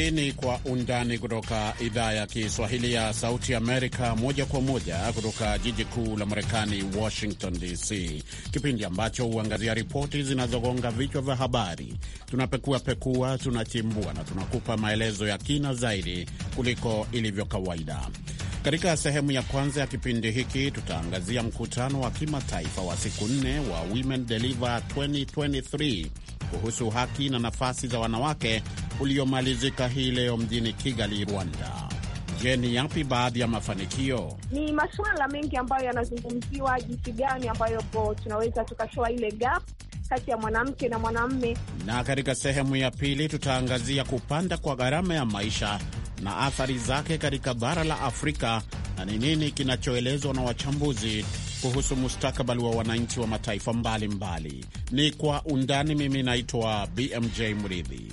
Hii ni Kwa Undani kutoka idhaa ya Kiswahili ya Sauti Amerika, moja kwa moja kutoka jiji kuu la Marekani, Washington DC, kipindi ambacho huangazia ripoti zinazogonga vichwa vya habari. Tunapekua pekua, tunachimbua na tunakupa maelezo ya kina zaidi kuliko ilivyo kawaida. Katika sehemu ya kwanza ya kipindi hiki tutaangazia mkutano wa kimataifa wa siku nne wa Women Deliver 2023 kuhusu haki na nafasi za wanawake uliomalizika hii leo mjini Kigali, Rwanda. Je, ni yapi baadhi ya mafanikio? Ni masuala mengi ambayo yanazungumziwa, jinsi gani ambayo po tunaweza tukatoa ile gap kati ya mwanamke na mwanamme. Na katika sehemu ya pili tutaangazia kupanda kwa gharama ya maisha na athari zake katika bara la Afrika na ni nini kinachoelezwa na wachambuzi kuhusu mustakabali wa wananchi wa mataifa mbalimbali mbali. Ni kwa undani. Mimi naitwa BMJ Mridhi.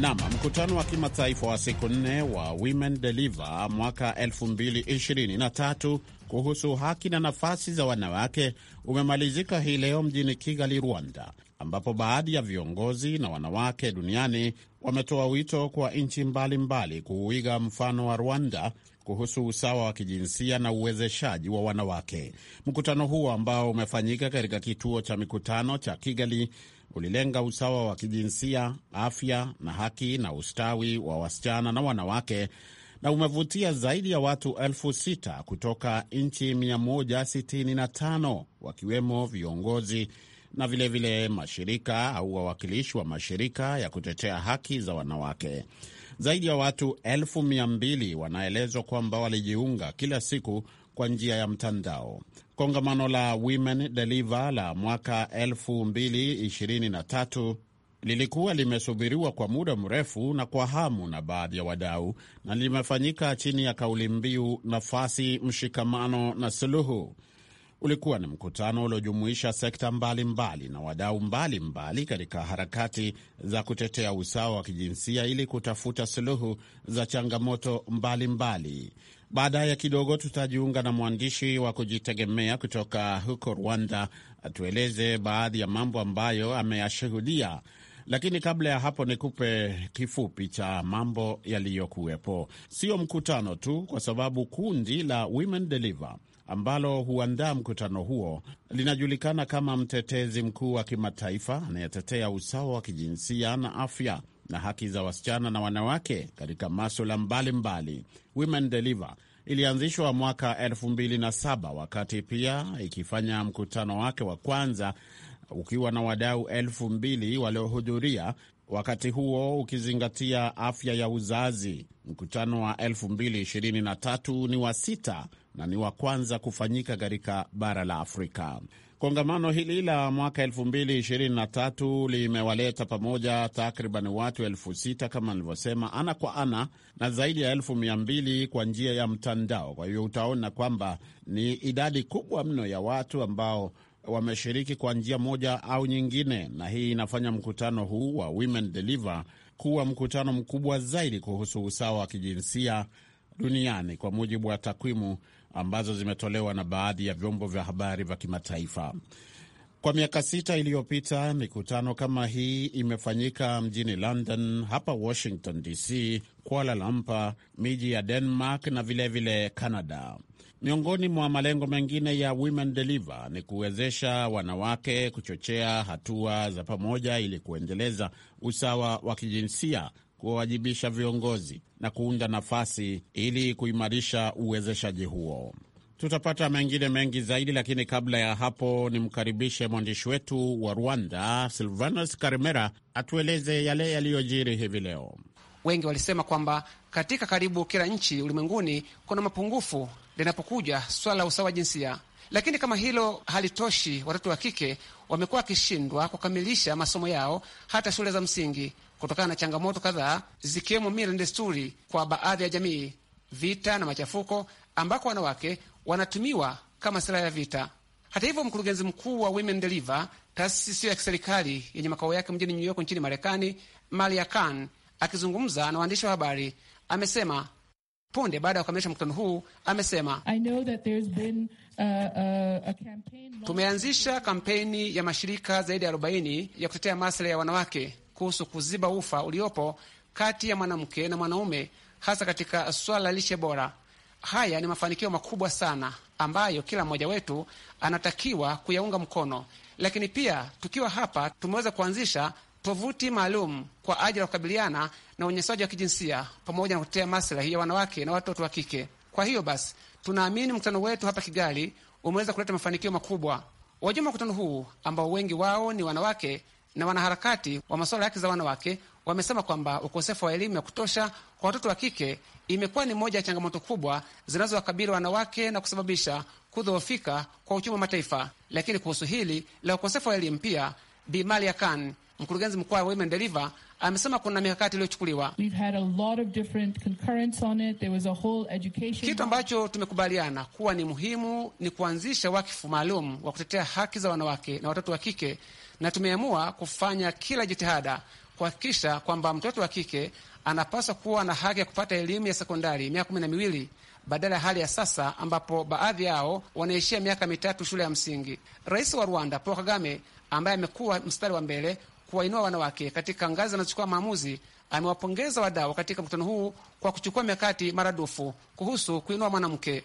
Nam, mkutano wa kimataifa wa siku nne wa Women Deliver mwaka 2023 kuhusu haki na nafasi za wanawake umemalizika hii leo mjini Kigali, Rwanda, ambapo baadhi ya viongozi na wanawake duniani wametoa wito kwa nchi mbalimbali kuuiga mfano wa Rwanda kuhusu usawa wa kijinsia na uwezeshaji wa wanawake. Mkutano huo ambao umefanyika katika kituo cha mikutano cha Kigali ulilenga usawa wa kijinsia, afya na haki na ustawi wa wasichana na wanawake na umevutia zaidi ya watu elfu sita kutoka nchi 165 wakiwemo viongozi na vilevile vile mashirika au wawakilishi wa mashirika ya kutetea haki za wanawake. Zaidi ya watu elfu mia mbili wanaelezwa kwamba walijiunga kila siku kwa njia ya mtandao. Kongamano la Women Deliver la mwaka lilikuwa limesubiriwa kwa muda mrefu na kwa hamu na baadhi ya wadau na limefanyika chini ya kauli mbiu nafasi, mshikamano na suluhu. Ulikuwa ni mkutano uliojumuisha sekta mbalimbali mbali na wadau mbalimbali katika harakati za kutetea usawa wa kijinsia ili kutafuta suluhu za changamoto mbalimbali. Baadaye kidogo tutajiunga na mwandishi wa kujitegemea kutoka huko Rwanda atueleze baadhi ya mambo ambayo ameyashuhudia lakini kabla ya hapo, nikupe kifupi cha mambo yaliyokuwepo. Sio mkutano tu, kwa sababu kundi la Women Deliver ambalo huandaa mkutano huo linajulikana kama mtetezi mkuu wa kimataifa anayetetea usawa wa kijinsia na afya na haki za wasichana na wanawake katika maswala mbalimbali. Women Deliver ilianzishwa mwaka 2007 wakati pia ikifanya mkutano wake wa kwanza ukiwa na wadau elfu mbili waliohudhuria, wakati huo ukizingatia afya ya uzazi. Mkutano wa 2023 ni wa sita na ni wa kwanza kufanyika katika bara la Afrika. Kongamano hili la mwaka 2023 limewaleta pamoja takriban watu elfu sita kama nilivyosema, ana kwa ana na zaidi ya elfu mia mbili kwa njia ya mtandao. Kwa hiyo utaona kwamba ni idadi kubwa mno ya watu ambao wameshiriki kwa njia moja au nyingine, na hii inafanya mkutano huu wa Women Deliver kuwa mkutano mkubwa zaidi kuhusu usawa wa kijinsia duniani kwa mujibu wa takwimu ambazo zimetolewa na baadhi ya vyombo vya habari vya kimataifa. Kwa miaka sita iliyopita mikutano kama hii imefanyika mjini London, hapa Washington DC, Kuala Lumpur, miji ya Denmark na vilevile vile Canada. Miongoni mwa malengo mengine ya Women Deliver ni kuwezesha wanawake kuchochea hatua za pamoja ili kuendeleza usawa wa kijinsia, kuwawajibisha viongozi na kuunda nafasi ili kuimarisha uwezeshaji huo. Tutapata mengine mengi zaidi, lakini kabla ya hapo nimkaribishe mwandishi wetu wa Rwanda Silvanus Karimera atueleze yale yaliyojiri hivi leo wengi walisema kwamba katika karibu kila nchi ulimwenguni kuna mapungufu linapokuja swala la usawa jinsia. Lakini kama hilo halitoshi, watoto wa kike wamekuwa wakishindwa kukamilisha masomo yao hata shule za msingi kutokana na changamoto kadhaa zikiwemo mila na desturi kwa baadhi ya jamii, vita na machafuko, ambako wanawake wanatumiwa kama silaha ya vita. Hata hivyo, mkurugenzi mkuu wa Women Deliver, taasisi isiyo ya kiserikali yenye makao yake mjini New York nchini Marekani, Maria Khan Akizungumza na waandishi wa habari amesema punde baada ya kukamilisha mkutano huu amesema been, uh, uh campaign... tumeanzisha kampeni ya mashirika zaidi ya 40 ya kutetea maslahi ya wanawake kuhusu kuziba ufa uliopo kati ya mwanamke na mwanaume hasa katika swala la lishe bora. Haya ni mafanikio makubwa sana ambayo kila mmoja wetu anatakiwa kuyaunga mkono, lakini pia tukiwa hapa tumeweza kuanzisha tovuti maalum kwa ajili ya kukabiliana na unyanyasaji wa kijinsia pamoja na kutetea maslahi ya wanawake na watoto wa kike. Kwa hiyo basi, tunaamini mkutano wetu hapa Kigali umeweza kuleta mafanikio makubwa. Wajumbe wa mkutano huu ambao wengi wao ni wanawake na wanaharakati wa masuala ya haki za wanawake wamesema kwamba ukosefu wa elimu ya kutosha kwa watoto wa kike imekuwa ni moja ya changamoto kubwa zinazowakabili wanawake na kusababisha kudhoofika kwa uchumi wa mataifa. Lakini kuhusu hili la ukosefu wa elimu pia, Bi Khan mkurugenzi mkuu wa Women Deliver amesema kuna mikakati iliyochukuliwa, kitu ambacho tumekubaliana kuwa ni muhimu ni kuanzisha wakifu maalum wa kutetea haki za wanawake na watoto wa kike, na tumeamua kufanya kila jitihada kuhakikisha kwamba mtoto wa kike anapaswa kuwa na haki ya kupata elimu ya sekondari miaka kumi na miwili badala ya hali ya sasa ambapo baadhi yao wanaishia miaka mitatu shule ya msingi. Rais wa Rwanda Paul Kagame ambaye amekuwa mstari wa mbele kuwainua wanawake katika ngazi zinazochukua maamuzi. Amewapongeza wadau katika mkutano huu kwa kuchukua mikakati maradufu kuhusu kuinua mwanamke.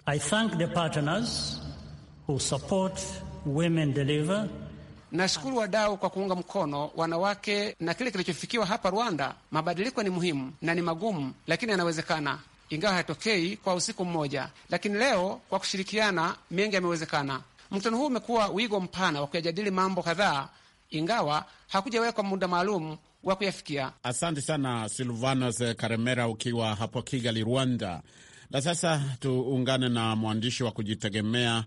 Nashukuru wadau kwa kuunga mkono wanawake na kile kilichofikiwa hapa Rwanda. Mabadiliko ni muhimu na ni magumu, lakini yanawezekana, ingawa hayatokei kwa usiku mmoja, lakini leo kwa kushirikiana, mengi yamewezekana. Mkutano huu umekuwa wigo mpana wa kuyajadili mambo kadhaa ingawa hakujawekwa muda maalum wa kuyafikia. Asante sana Silvanos Karemera ukiwa hapo Kigali, Rwanda. Na sasa tuungane na mwandishi wa kujitegemea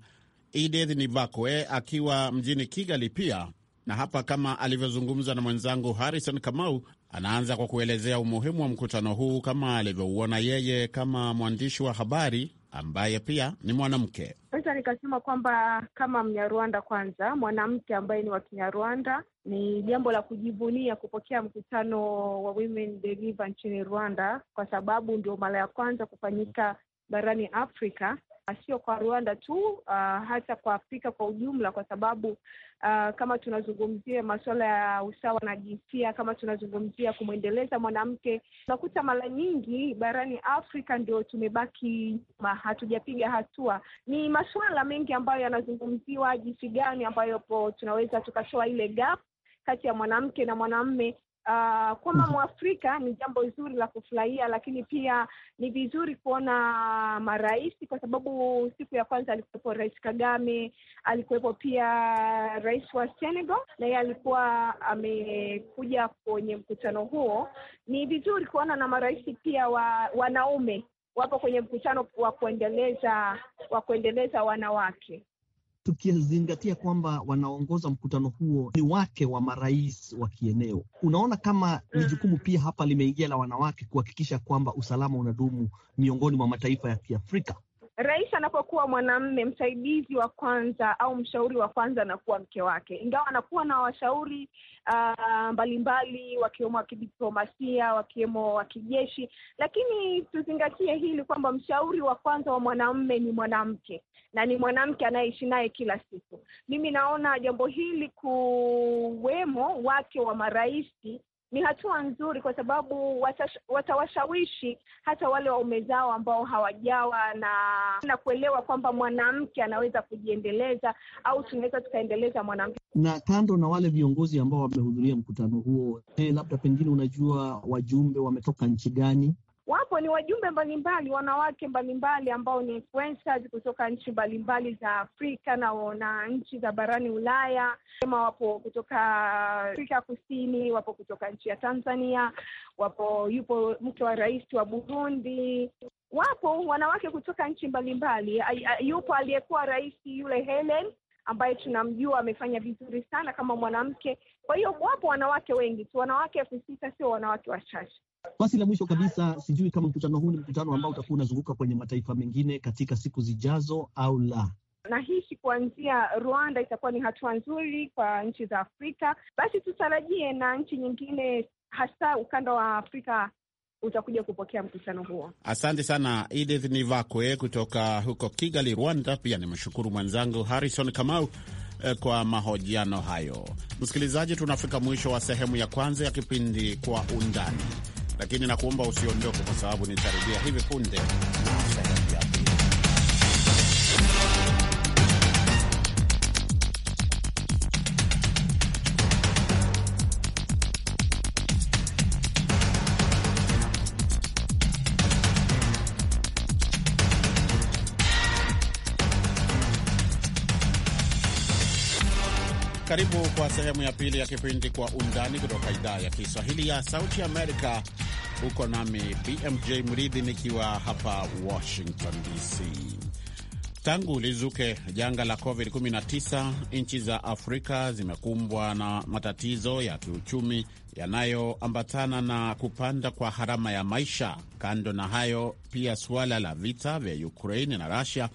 Edith Nivakwe akiwa mjini Kigali pia, na hapa kama alivyozungumza na mwenzangu Harrison Kamau, anaanza kwa kuelezea umuhimu wa mkutano huu kama alivyouona yeye kama mwandishi wa habari ambaye pia ni mwanamke. naweza nikasema kwamba kama Mnyarwanda kwanza, mwanamke ambaye ni wa Kinyarwanda, ni jambo la kujivunia kupokea mkutano wa Women Deliver nchini Rwanda, kwa sababu ndio mara ya kwanza kufanyika barani Afrika Ah, sio kwa Rwanda tu uh, hata kwa Afrika kwa ujumla, kwa sababu uh, kama tunazungumzia masuala ya usawa na jinsia, kama tunazungumzia kumwendeleza mwanamke, unakuta mara nyingi barani Afrika ndio tumebaki nyuma, hatujapiga hatua. Ni masuala mengi ambayo yanazungumziwa, jinsi gani ambayo po tunaweza tukatoa ile gap kati ya mwanamke na mwanamme uh, ah, kama mhm. Mwafrika ni jambo zuri la kufurahia, lakini pia ni vizuri kuona marais, kwa sababu siku ya kwanza alikuwepo Rais Kagame, alikuwepo pia rais wa Senegal, na yeye alikuwa amekuja kwenye mkutano huo. Ni vizuri kuona na marais pia wa wanaume wapo kwenye mkutano wa kuendeleza wa kuendeleza wanawake tukizingatia kwamba wanaongoza mkutano huo ni wake wa marais wa kieneo, unaona kama ni hmm. jukumu pia hapa limeingia la wanawake kuhakikisha kwamba usalama unadumu miongoni mwa mataifa ya Kiafrika. Rais anapokuwa mwanamme, msaidizi wa kwanza au mshauri wa kwanza anakuwa mke wake, ingawa anakuwa na washauri uh, mbalimbali, wakiwemo wa kidiplomasia, wakiwemo wa kijeshi, lakini tuzingatie hili kwamba mshauri wa kwanza wa mwanamme ni mwanamke na ni mwanamke anayeishi naye kila siku. Mimi naona jambo hili kuwemo wake wa maraisi ni hatua nzuri kwa sababu watawashawishi hata wale waume zao ambao hawajawa na na kuelewa kwamba mwanamke anaweza kujiendeleza au tunaweza tukaendeleza mwanamke. Na kando na wale viongozi ambao wamehudhuria mkutano huo, eh, labda pengine unajua wajumbe wametoka nchi gani Wapo ni wajumbe mbalimbali, wanawake mbalimbali ambao ni influencers kutoka nchi mbalimbali za Afrika na, na nchi za barani Ulaya. Kama wapo kutoka Afrika Kusini, wapo kutoka nchi ya Tanzania, wapo yupo mke wa rais wa Burundi. Wapo wanawake kutoka nchi mbalimbali. Yupo aliyekuwa rais yule Helen ambaye tunamjua amefanya vizuri sana kama mwanamke. Kwa hiyo wapo wanawake wengi tu, wanawake elfu sita sio wanawake wachache. Basi la mwisho kabisa, sijui kama mkutano huu ni mkutano ambao utakuwa unazunguka kwenye mataifa mengine katika siku zijazo au la. Nahisi kuanzia Rwanda itakuwa ni hatua nzuri kwa nchi za Afrika, basi tutarajie na nchi nyingine, hasa ukanda wa Afrika utakuja kupokea mkutano huo. Asante sana Edith Nivakwe kutoka huko Kigali, Rwanda. Pia nimshukuru mwenzangu Harrison Kamau eh, kwa mahojiano hayo. Msikilizaji, tunafika mwisho wa sehemu ya kwanza ya kipindi Kwa Undani lakini nakuomba usiondoke, kwa sababu nitarudia hivi punde na Karibu kwa sehemu ya pili ya kipindi Kwa Undani kutoka idhaa ya Kiswahili ya Sauti Amerika, huko, nami BMJ Mridhi nikiwa hapa Washington DC. Tangu lizuke janga la COVID-19, nchi za Afrika zimekumbwa na matatizo ya kiuchumi yanayoambatana na kupanda kwa gharama ya maisha. Kando na hayo, pia suala la vita vya Ukraini na Rusia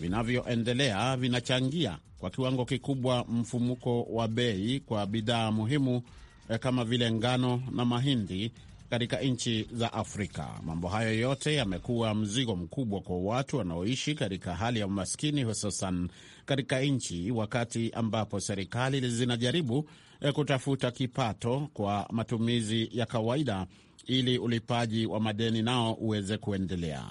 vinavyoendelea vinachangia kwa kiwango kikubwa mfumuko wa bei kwa bidhaa muhimu eh, kama vile ngano na mahindi katika nchi za Afrika. Mambo hayo yote yamekuwa mzigo mkubwa kwa watu wanaoishi katika hali ya umaskini, hususan katika nchi wakati ambapo serikali zinajaribu eh, kutafuta kipato kwa matumizi ya kawaida ili ulipaji wa madeni nao uweze kuendelea.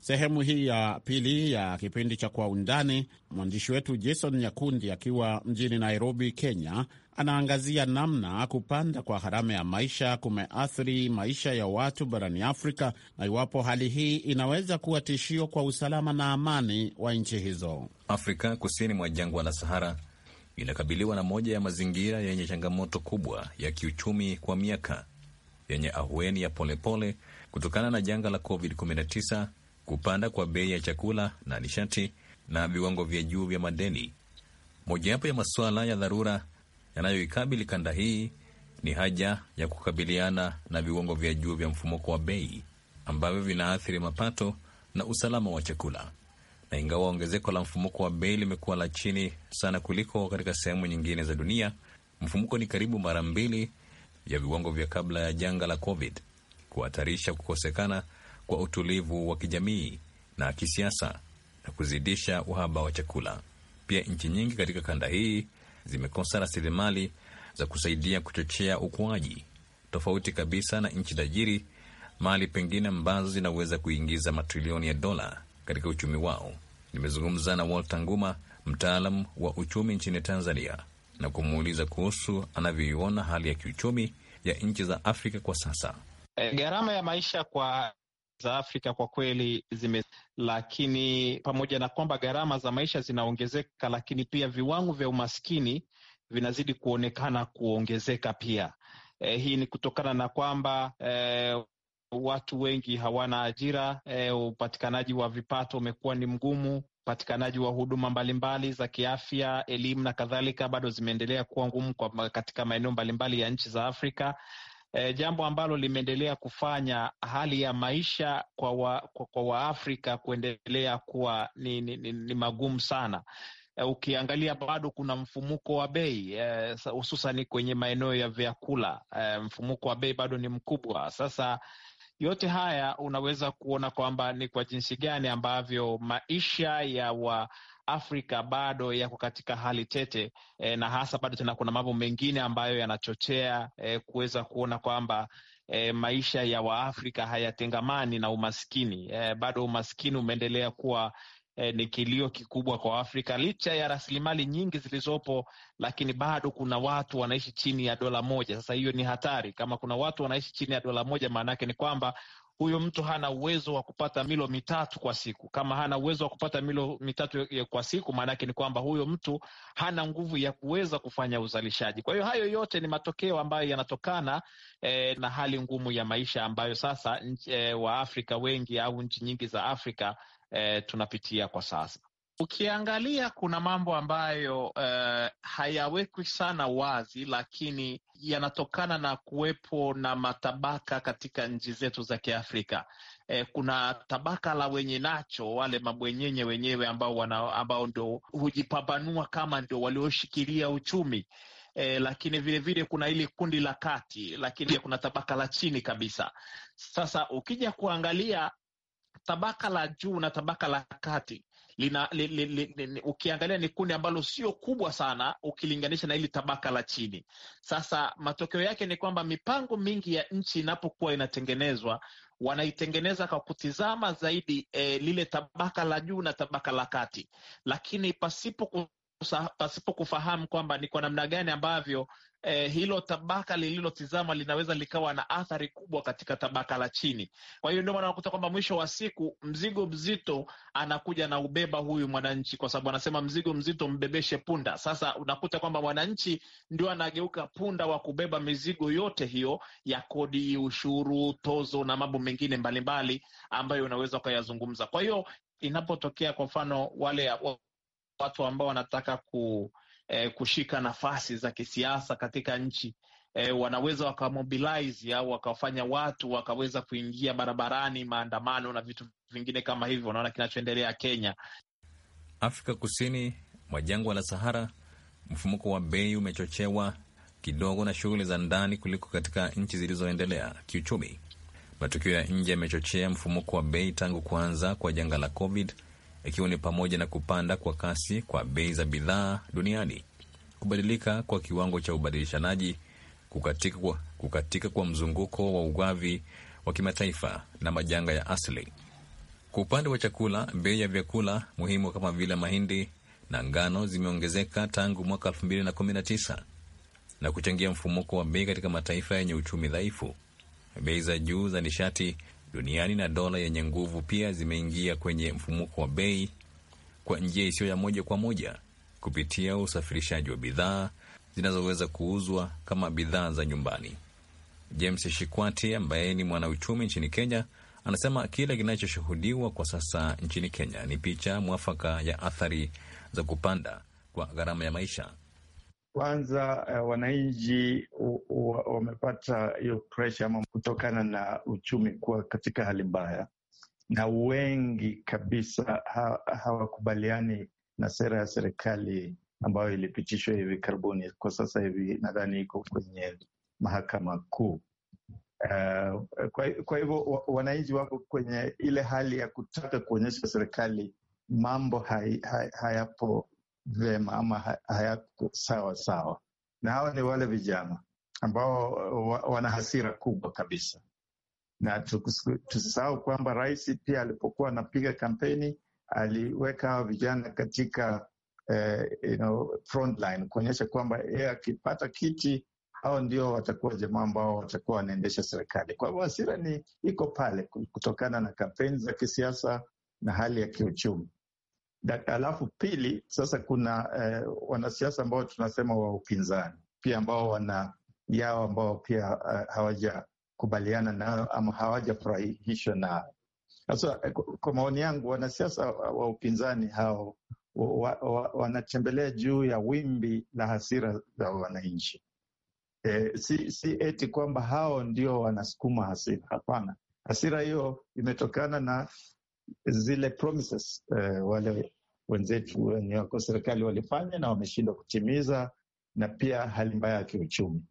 Sehemu hii ya pili ya kipindi cha Kwa Undani, mwandishi wetu Jason Nyakundi akiwa mjini Nairobi, Kenya, anaangazia namna kupanda kwa gharama ya maisha kumeathiri maisha ya watu barani Afrika na iwapo hali hii inaweza kuwa tishio kwa usalama na amani wa nchi hizo. Afrika kusini mwa jangwa la Sahara inakabiliwa na moja ya mazingira yenye changamoto kubwa ya kiuchumi kwa miaka, yenye ahueni ya polepole kutokana na janga la COVID-19, kupanda kwa bei ya chakula na nishati na viwango vya juu vya madeni. Mojawapo ya masuala ya dharura yanayoikabili kanda hii ni haja ya kukabiliana na viwango vya juu vya mfumuko wa bei ambavyo vinaathiri mapato na usalama wa chakula. Na ingawa ongezeko la mfumuko wa bei limekuwa la chini sana kuliko katika sehemu nyingine za dunia, mfumuko ni karibu mara mbili ya viwango vya kabla ya janga la COVID, kuhatarisha kukosekana kwa utulivu wa kijamii na kisiasa na kuzidisha uhaba wa chakula. Pia nchi nyingi katika kanda hii zimekosa rasilimali za kusaidia kuchochea ukuaji, tofauti kabisa na nchi tajiri, mali pengine ambazo zinaweza kuingiza matrilioni ya dola katika uchumi wao. Nimezungumza na Walter Nguma, mtaalam wa uchumi nchini Tanzania, na kumuuliza kuhusu anavyoiona hali ya kiuchumi ya nchi za Afrika kwa sasa. E, gharama ya maisha kwa za Afrika kwa kweli zime, lakini pamoja na kwamba gharama za maisha zinaongezeka, lakini pia viwango vya umaskini vinazidi kuonekana kuongezeka pia. E, hii ni kutokana na kwamba e, watu wengi hawana ajira e, upatikanaji wa vipato umekuwa ni mgumu upatikanaji wa huduma mbalimbali za kiafya, elimu na kadhalika bado zimeendelea kuwa ngumu katika maeneo mbalimbali ya nchi za Afrika, e, jambo ambalo limeendelea kufanya hali ya maisha kwa wa, kwa, kwa Waafrika kuendelea kuwa ni, ni, ni, ni magumu sana. E, ukiangalia bado kuna mfumuko wa bei eh, hususan e, kwenye maeneo ya vyakula e, mfumuko wa bei bado ni mkubwa. Sasa yote haya unaweza kuona kwamba ni kwa jinsi gani ambavyo maisha ya wa Afrika bado yako katika hali tete e, na hasa bado tena kuna mambo mengine ambayo yanachochea e, kuweza kuona kwamba e, maisha ya Waafrika hayatengamani na umaskini e, bado umaskini umeendelea kuwa E, ni kilio kikubwa kwa Afrika licha ya rasilimali nyingi zilizopo, lakini bado kuna watu wanaishi chini ya dola moja. Sasa hiyo ni hatari. Kama kuna watu wanaishi chini ya dola moja, maana yake ni kwamba huyu mtu hana uwezo wa kupata milo mitatu kwa siku. Kama hana uwezo wa kupata milo mitatu kwa siku, yake ni kwamba huyo mtu hana nguvu ya kuweza kufanya uzalishaji. Kwa hiyo hayo yote ni matokeo ambayo yanatokana eh, na hali ngumu ya maisha ambayo sasa eh, Waafrika wengi au nchi nyingi za Afrika eh, tunapitia kwa sasa. Ukiangalia kuna mambo ambayo uh, hayawekwi sana wazi, lakini yanatokana na kuwepo na matabaka katika nchi zetu za Kiafrika. Eh, kuna tabaka la wenye nacho wale mabwenyenye wenyewe ambao wana, ambao ndo hujipambanua kama ndio walioshikilia uchumi eh, lakini vilevile vile kuna ili kundi la kati, lakini kuna tabaka la chini kabisa. Sasa ukija kuangalia tabaka la juu na tabaka la kati lina, li, li, li, ukiangalia ni kundi ambalo sio kubwa sana ukilinganisha na hili tabaka la chini. Sasa matokeo yake ni kwamba mipango mingi ya nchi inapokuwa inatengenezwa wanaitengeneza kwa kutizama zaidi e, lile tabaka la juu na tabaka la kati, lakini pasipo kusa, pasipo kufahamu kwamba ni kwa namna gani ambavyo eh, hilo tabaka lililotizama linaweza likawa na athari kubwa katika tabaka la chini. Kwa hiyo ndio maana kwamba mwisho wa siku mzigo mzito anakuja na ubeba huyu mwananchi, kwa sababu anasema mzigo mzito mbebeshe punda. Sasa unakuta kwamba mwananchi ndio anageuka punda wa kubeba mizigo yote hiyo ya kodi, ushuru, tozo na mambo mengine mbalimbali ambayo unaweza ukayazungumza. Kwa hiyo inapotokea kwa mfano wale watu ambao wanataka ku eh, kushika nafasi za kisiasa katika nchi eh, wanaweza wakamobilize au wakawafanya watu wakaweza kuingia barabarani, maandamano na vitu vingine kama hivyo. Unaona kinachoendelea Kenya. Afrika Kusini mwa jangwa la Sahara, mfumuko wa bei umechochewa kidogo na shughuli za ndani kuliko katika nchi zilizoendelea kiuchumi. Matukio ya nje yamechochea mfumuko wa bei tangu kuanza kwa janga la COVID ikiwa ni pamoja na kupanda kwa kasi kwa bei za bidhaa duniani, kubadilika kwa kiwango cha ubadilishanaji, kukatika kwa, kukatika kwa mzunguko wa ugavi wa kimataifa na majanga ya asili. Kwa upande wa chakula, bei ya vyakula muhimu kama vile mahindi na ngano zimeongezeka tangu mwaka 2019 na kuchangia mfumuko wa bei katika mataifa yenye uchumi dhaifu. Bei za juu za nishati duniani na dola yenye nguvu pia zimeingia kwenye mfumuko wa bei kwa njia isiyo ya moja kwa moja kupitia usafirishaji wa bidhaa zinazoweza kuuzwa kama bidhaa za nyumbani. James Shikwati ambaye ni mwanauchumi nchini Kenya anasema kile kinachoshuhudiwa kwa sasa nchini Kenya ni picha mwafaka ya athari za kupanda kwa gharama ya maisha kwanza uh, wananchi wamepata hiyo presha ama kutokana na uchumi kuwa katika hali mbaya, na wengi kabisa hawakubaliani na sera ya serikali ambayo ilipitishwa hivi karibuni. Kwa sasa hivi nadhani iko kwenye mahakama kuu. Uh, kwa, kwa hivyo wananchi wako kwenye ile hali ya kutaka kuonyesha serikali mambo hayapo hai, vyema ama hayako sawa sawa, na hawa ni wale vijana ambao uh, wana hasira kubwa kabisa. Na tusisahau kwamba rais pia alipokuwa anapiga kampeni aliweka hawa vijana katika eh, you know, frontline kuonyesha kwamba yeye akipata kiti au ndio watakuwa jamaa ambao watakuwa wanaendesha serikali. Kwa hivyo hasira ni iko pale kutokana na kampeni za kisiasa na hali ya kiuchumi. Alafu pili, sasa kuna eh, wanasiasa ambao tunasema wa upinzani pia ambao wana yao ambao pia uh, hawajakubaliana nayo ama hawajafurahishwa nayo. Sasa eh, kwa maoni yangu, wanasiasa wa upinzani hao wanatembelea wa, wa, wa juu ya wimbi la hasira za wananchi. E, si, si eti kwamba hao ndio wanasukuma hasira. Hapana, hasira hiyo imetokana na zile promises uh, wale wenzetu wenye wako serikali walifanya na wameshindwa kutimiza, na pia hali mbaya ya kiuchumi.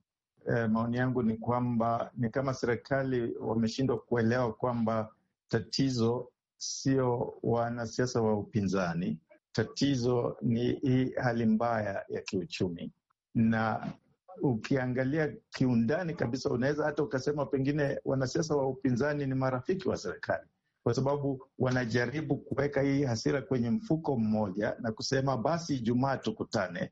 Uh, maoni yangu ni kwamba ni kama serikali wameshindwa kuelewa kwamba tatizo sio wanasiasa wa upinzani, tatizo ni hii hali mbaya ya kiuchumi na ukiangalia kiundani kabisa, unaweza hata ukasema pengine wanasiasa wa upinzani ni marafiki wa serikali, kwa sababu wanajaribu kuweka hii hasira kwenye mfuko mmoja na kusema basi Ijumaa tukutane,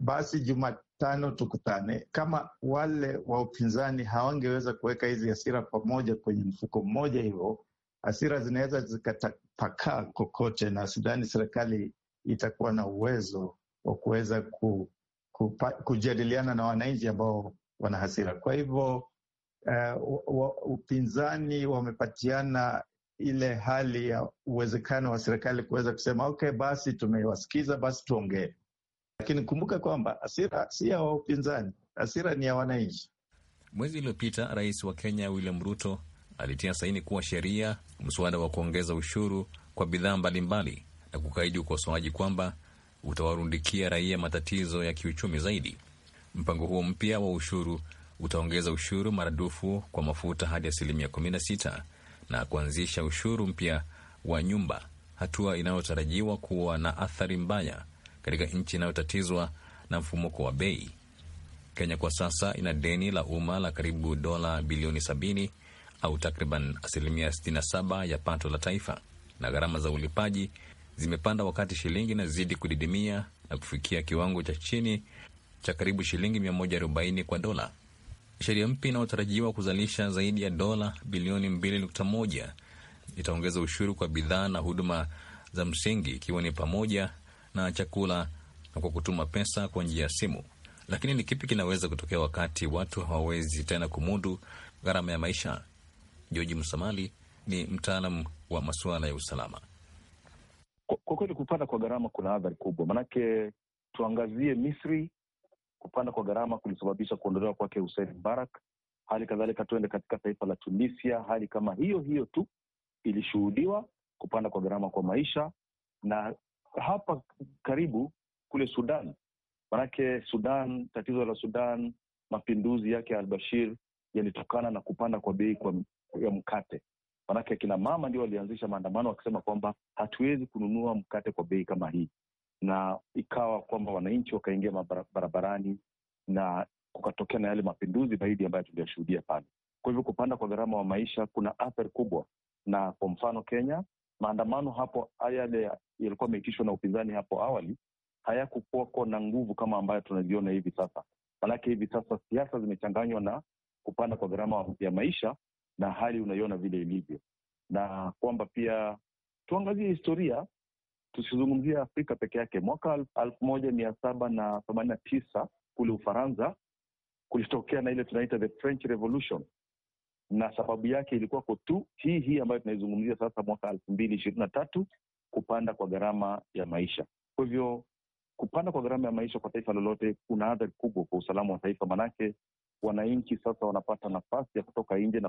basi Jumatano tukutane. Kama wale wa upinzani hawangeweza kuweka hizi hasira pamoja kwenye mfuko mmoja, hivyo hasira zinaweza zikatapakaa kokote, na sidhani serikali itakuwa na uwezo wa kuweza ku, ku, kujadiliana na wananchi ambao wana hasira. Kwa hivyo uh, upinzani wamepatiana ile hali ya uwezekano wa serikali kuweza kusema okay, basi tumewasikiza, basi tuongee. Lakini kumbuka kwamba asira si ya upinzani, asira ni ya wananchi. Mwezi uliopita rais wa Kenya William Ruto alitia saini kuwa sheria mswada wa kuongeza ushuru kwa bidhaa mbalimbali na kukaidi ukosoaji kwamba utawarundikia raia matatizo ya kiuchumi zaidi. Mpango huo mpya wa ushuru utaongeza ushuru maradufu kwa mafuta hadi asilimia 16 na kuanzisha ushuru mpya wa nyumba, hatua inayotarajiwa kuwa na athari mbaya katika nchi inayotatizwa na mfumuko wa bei. Kenya kwa sasa ina deni la umma la karibu dola bilioni 70 au takriban asilimia 67 ya pato la taifa, na gharama za ulipaji zimepanda wakati shilingi inazidi kudidimia na kufikia kiwango cha chini cha karibu shilingi 140 kwa dola. Sheria mpya inayotarajiwa kuzalisha zaidi ya dola bilioni 2.1 itaongeza ushuru kwa bidhaa na huduma za msingi ikiwa ni pamoja na chakula na kwa kutuma pesa kwa njia ya simu. Lakini ni kipi kinaweza kutokea wakati watu hawawezi tena kumudu gharama ya maisha? George Msamali ni mtaalam wa masuala ya usalama. Kwa kweli, kupanda kwa gharama kuna athari kubwa, manake tuangazie Misri Kupanda kwa gharama kulisababisha kuondolewa kwake Hussein Mubarak. Hali kadhalika, tuende katika taifa la Tunisia, hali kama hiyo hiyo tu ilishuhudiwa, kupanda kwa gharama kwa maisha. Na hapa karibu kule Sudan, manake Sudan, tatizo la Sudan, mapinduzi yake ya Albashir yalitokana na kupanda kwa bei kwa ya mkate. Manake akina mama ndio walianzisha maandamano wakisema kwamba hatuwezi kununua mkate kwa bei kama hii na ikawa kwamba wananchi wakaingia barabarani na kukatokea na yale mapinduzi zaidi ambayo tuliyashuhudia pale. Kwa hivyo kupanda kwa gharama wa maisha kuna athari kubwa, na kwa mfano Kenya, maandamano hapo yale yalikuwa ameitishwa na upinzani hapo awali hayakukuwako na nguvu kama ambayo tunaziona hivi sasa, manake hivi sasa siasa zimechanganywa na kupanda kwa gharama ya maisha na hali unaiona vile ilivyo, na kwamba pia tuangazie historia Tusizungumzia Afrika peke yake. Mwaka elfu moja mia saba na themanini na tisa kule Ufaransa kulitokea na ile tunaita the French Revolution, na sababu yake ilikuwako tu hii hii ambayo tunaizungumzia sasa, mwaka elfu mbili ishirini na tatu kupanda kwa gharama ya maisha. Kwa hivyo kupanda kwa gharama ya maisha kwa taifa lolote kuna athari kubwa kwa usalama wa taifa, manake wananchi sasa wanapata nafasi ya kutoka nje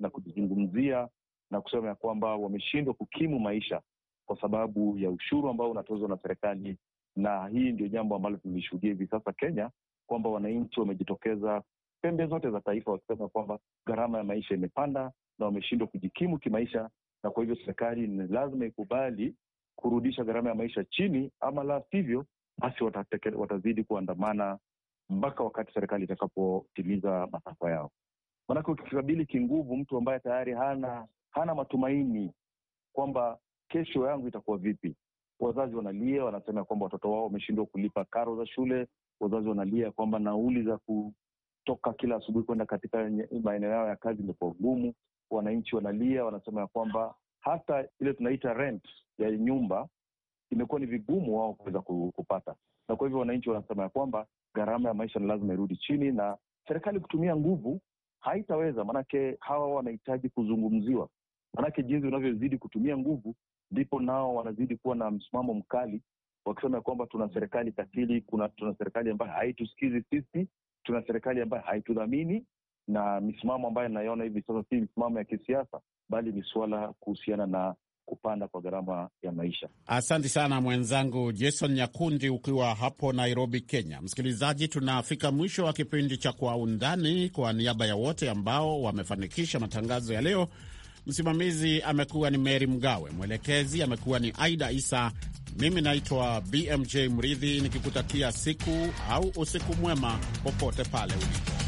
na kujizungumzia na kusema ya kwamba wameshindwa kukimu maisha kwa sababu ya ushuru ambao unatozwa na serikali, na hii ndio jambo ambalo tumeshuhudia hivi sasa Kenya, kwamba wananchi wamejitokeza pembe zote za taifa wakisema kwamba gharama ya maisha imepanda na wameshindwa kujikimu kimaisha, na kwa hivyo serikali ni lazima ikubali kurudisha gharama ya maisha chini, ama la sivyo basi watazidi kuandamana mpaka wakati serikali itakapotimiza matakwa yao. Maanake ukikabili kinguvu mtu ambaye tayari hana hana matumaini kwamba kesho yangu itakuwa vipi? Wazazi wanalia, wanasema kwamba watoto wao wameshindwa kulipa karo za shule. Wazazi wanalia kwamba nauli za kutoka kila asubuhi kwenda katika maeneo yao ya kazi imekuwa ngumu. Wananchi wanalia, wanasema ya kwamba hata ile tunaita rent ya nyumba imekuwa ni vigumu wao kuweza kupata, na kwa hivyo wananchi wanasema ya kwamba gharama ya maisha ni lazima irudi chini, na serikali kutumia nguvu haitaweza, maanake hawa wanahitaji kuzungumziwa. Maanake jinsi unavyozidi kutumia nguvu, ndipo nao wanazidi kuwa na msimamo mkali, wakisema ya kwamba tuna serikali katili, kuna tuna serikali ambayo haitusikizi sisi, tuna serikali ambayo haitudhamini, na misimamo ambayo inaiona hivi sasa si misimamo ya kisiasa, bali ni suala kuhusiana na kupanda kwa gharama ya maisha. Asante sana mwenzangu Jason Nyakundi ukiwa hapo Nairobi, Kenya. Msikilizaji, tunafika mwisho wa kipindi cha Kwa Undani. Kwa niaba ya wote ambao wamefanikisha matangazo ya leo, Msimamizi amekuwa ni Meri Mgawe, mwelekezi amekuwa ni Aida Isa. Mimi naitwa BMJ Mridhi, nikikutakia siku au usiku mwema popote pale ulipo.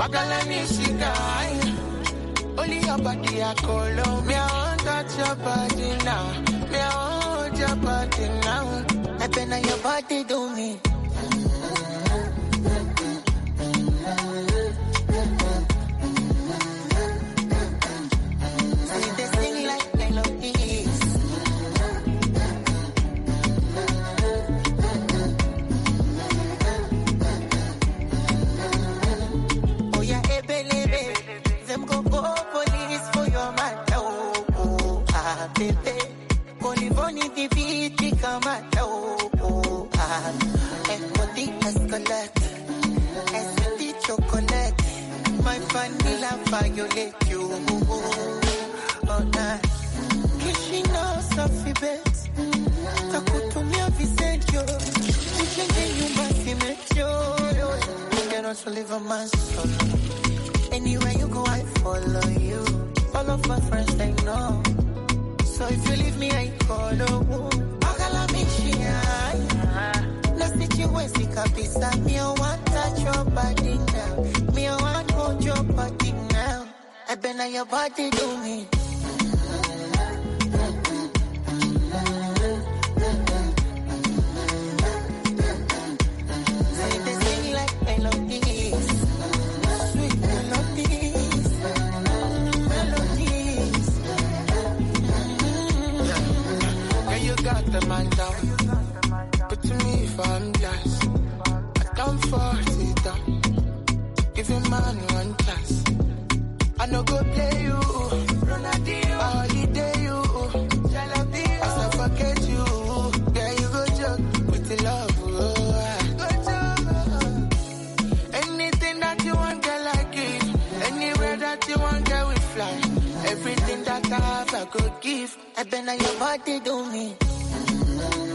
Magala ni sidai uliyopatia kolo miaonga chapati na miaonga chapati na napenda your body to me kabisa, me I want touch your body now, me I want hold your body now. I been on your body do me. got the man down. to me, if I'm blessed. man, one class. I no go play you. Ronaldinho. I holiday you. Jalapeno. As I forget you. Girl, you go joke with the love. Oh. Anything that you want, girl, I give. Anywhere that you want, girl, we fly. Everything that I have, I could give. I been on your body, do me.